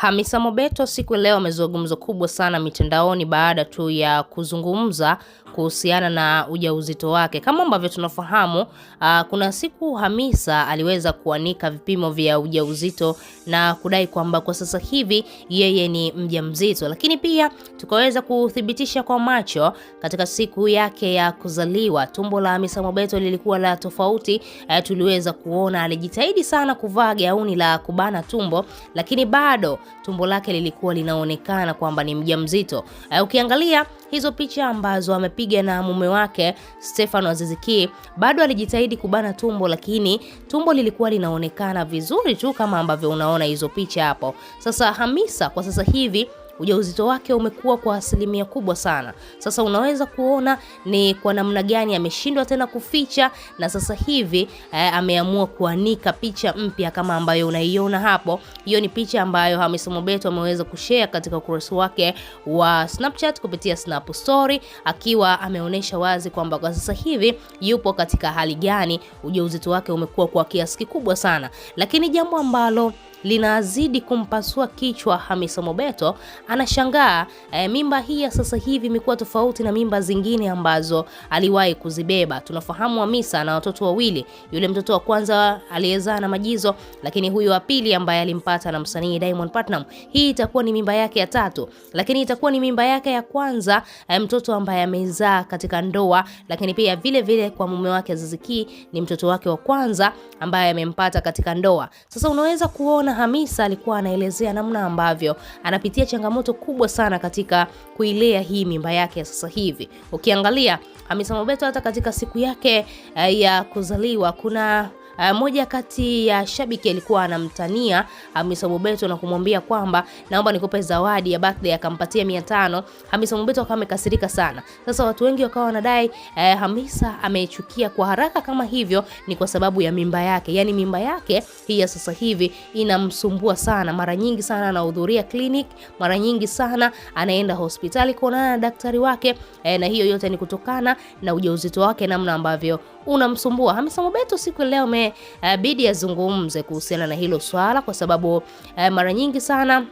Hamisa Mobeto siku leo amezua gumzo kubwa sana mitandaoni baada tu ya kuzungumza kuhusiana na ujauzito wake. Kama ambavyo tunafahamu, uh, kuna siku Hamisa aliweza kuanika vipimo vya ujauzito na kudai kwamba kwa sasa hivi yeye ni mjamzito, lakini pia tukaweza kuthibitisha kwa macho katika siku yake ya kuzaliwa. Tumbo la Hamisa Mobeto lilikuwa la tofauti, uh, tuliweza kuona alijitahidi sana kuvaa gauni la kubana tumbo, lakini bado tumbo lake lilikuwa linaonekana kwamba ni mjamzito. Eh, ukiangalia hizo picha ambazo amepiga na mume wake Stefano Aziziki, bado alijitahidi kubana tumbo, lakini tumbo lilikuwa linaonekana vizuri tu kama ambavyo unaona hizo picha hapo. Sasa Hamisa kwa sasa hivi ujauzito wake umekuwa kwa asilimia kubwa sana. Sasa unaweza kuona ni kwa namna gani ameshindwa tena kuficha na sasa hivi eh, ameamua kuanika picha mpya kama ambayo unaiona hapo. Hiyo ni picha ambayo hamis Mobeto ameweza kushare katika ukurasa wake wa Snapchat kupitia Snap Story akiwa ameonyesha wazi kwamba kwa sasa hivi yupo katika hali gani, ujauzito wake umekuwa kwa kiasi kikubwa sana, lakini jambo ambalo linazidi kumpasua kichwa. Hamisa Mobeto anashangaa e, mimba hii ya sasa hivi imekuwa tofauti na mimba zingine ambazo aliwahi kuzibeba. Tunafahamu Hamisa ana watoto wawili, yule mtoto wa kwanza aliyezaa na Majizo, lakini huyu wa pili ambaye alimpata na msanii Diamond Platnumz, hii itakuwa ni mimba yake ya tatu, lakini itakuwa ni mimba yake ya kwanza e, mtoto ambaye amezaa katika ndoa, lakini pia vile vile kwa mume wake Aziz Ki ni mtoto wake wa kwanza ambaye amempata katika ndoa. Sasa unaweza kuona Jana Hamisa alikuwa anaelezea namna ambavyo anapitia changamoto kubwa sana katika kuilea hii mimba yake ya sasa hivi. Ukiangalia Hamisa Mobeto hata katika siku yake eh, ya kuzaliwa kuna Uh, moja kati ya shabiki alikuwa anamtania Hamisa Mobeto na kumwambia kwamba naomba nikupe zawadi ya birthday, akampatia 500. Hamisa Mobeto akawa amekasirika sana. Sasa watu wengi wakawa wanadai uh, Hamisa amechukia kwa haraka kama hivyo ni kwa sababu ya mimba yake, yaani mimba yake hii ya sasa hivi inamsumbua sana. Mara nyingi sana anahudhuria clinic, mara nyingi sana anaenda hospitali kuonana na daktari wake eh, na hiyo yote ni kutokana na ujauzito wake, namna ambavyo unamsumbua. Hamisa Mobeto siku leo imebidi eh, azungumze kuhusiana na hilo swala, kwa sababu eh, mara nyingi sana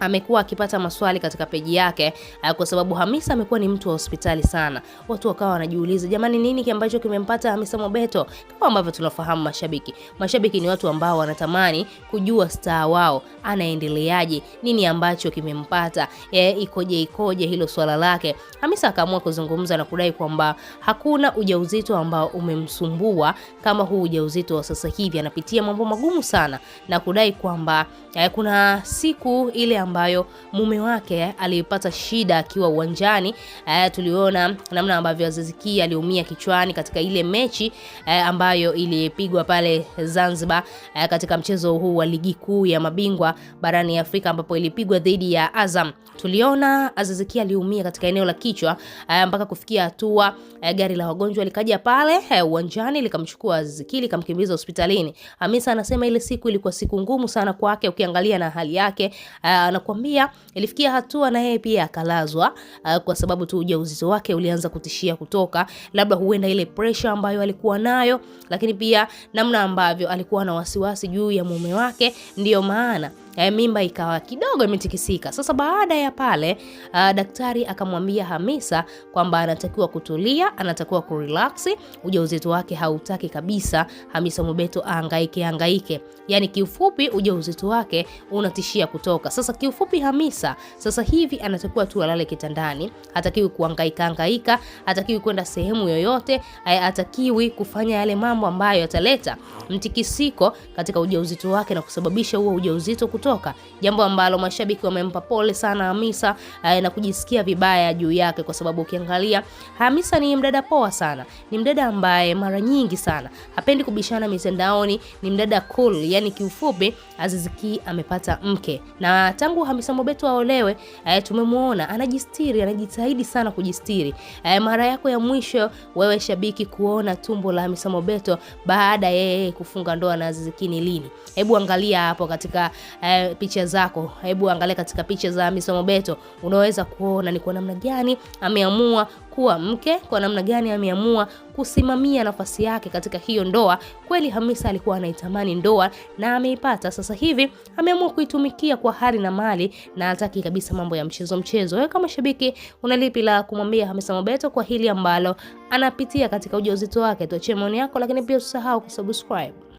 amekuwa akipata maswali katika peji yake, eh, kwa sababu Hamisa amekuwa ni mtu wa hospitali sana. Watu wakawa wanajiuliza, jamani, nini ambacho kimempata Hamisa Mobeto? Kama ambavyo tunafahamu mashabiki, mashabiki ni watu ambao wanatamani kujua staa wao anaendeleaje, nini ambacho kimempata, e, ikoje ikoje hilo swala lake. Hamisa akaamua kuzungumza na kudai kwamba hakuna ujauzito ambao umemsumbua kama huu ujauzito wa sasa hivi, anapitia mambo magumu sana na kudai kwamba eh, kuna siku ile ambayo mume wake eh, alipata shida akiwa uwanjani. Eh, tuliona namna ambavyo Aziz Ki aliumia kichwani katika ile mechi eh, ambayo ilipigwa pale Zanzibar eh, katika mchezo huu wa ligi kuu ya mabingwa barani Afrika ambapo ilipigwa dhidi ya Azam. Tuliona Aziz Ki aliumia katika eneo la kichwa eh, mpaka kufikia hatua eh, gari la wagonjwa likaja pale eh, uwanjani likamchukua Aziz Ki likamkimbiza hospitalini. Hamisa anasema ile siku ilikuwa siku ngumu sana kwake, ukiangalia na hali yake eh, anakuambia ilifikia hatua na yeye pia akalazwa ah, kwa sababu tu ujauzito wake ulianza kutishia kutoka, labda huenda ile pressure ambayo alikuwa nayo, lakini pia namna ambavyo alikuwa na wasiwasi juu ya mume wake, ndiyo maana e, mimba ikawa kidogo imetikisika. Sasa baada ya pale a, ah, daktari akamwambia Hamisa kwamba anatakiwa kutulia, anatakiwa kurelax. Ujauzito wake hautaki kabisa Hamisa Mobeto ahangaike ahangaike, yani kiufupi ujauzito wake unatishia kutoka. Sasa kiufupi, Hamisa sasa hivi anatakiwa tu alale kitandani, hatakiwi kuhangaika hangaika, hatakiwi kwenda sehemu yoyote, eh, hatakiwi kufanya yale mambo ambayo yataleta mtikisiko katika ujauzito wake na kusababisha huo ujauzito kutoka kutoka, jambo ambalo mashabiki wamempa pole sana Hamisa eh, na kujisikia vibaya juu yake, kwa sababu ukiangalia Hamisa ni mdada poa sana, ni mdada ambaye mara nyingi sana hapendi kubishana mitandaoni, ni mdada cool. Yani kiufupi Aziz Ki amepata mke, na tangu Hamisa Mobeto aolewe eh, tumemwona anajistiri, anajitahidi sana kujistiri. Eh, mara yako ya mwisho wewe shabiki kuona tumbo la Hamisa Mobeto baada yeye kufunga ndoa na Aziz Ki ni lini? Hebu angalia hapo katika eh, eh, picha zako. Hebu angalia katika picha za Hamisa Mobeto, unaweza kuona ni kwa namna gani ameamua kuwa mke, kwa namna gani ameamua kusimamia nafasi yake katika hiyo ndoa. Kweli Hamisa alikuwa anaitamani ndoa na ameipata. Sasa hivi ameamua kuitumikia kwa hali na mali, na hataki kabisa mambo ya mchezo mchezo. Wewe kama shabiki una lipi la kumwambia Hamisa Mobeto kwa hili ambalo anapitia katika ujauzito wake? Tuachie maoni yako, lakini pia usisahau kusubscribe.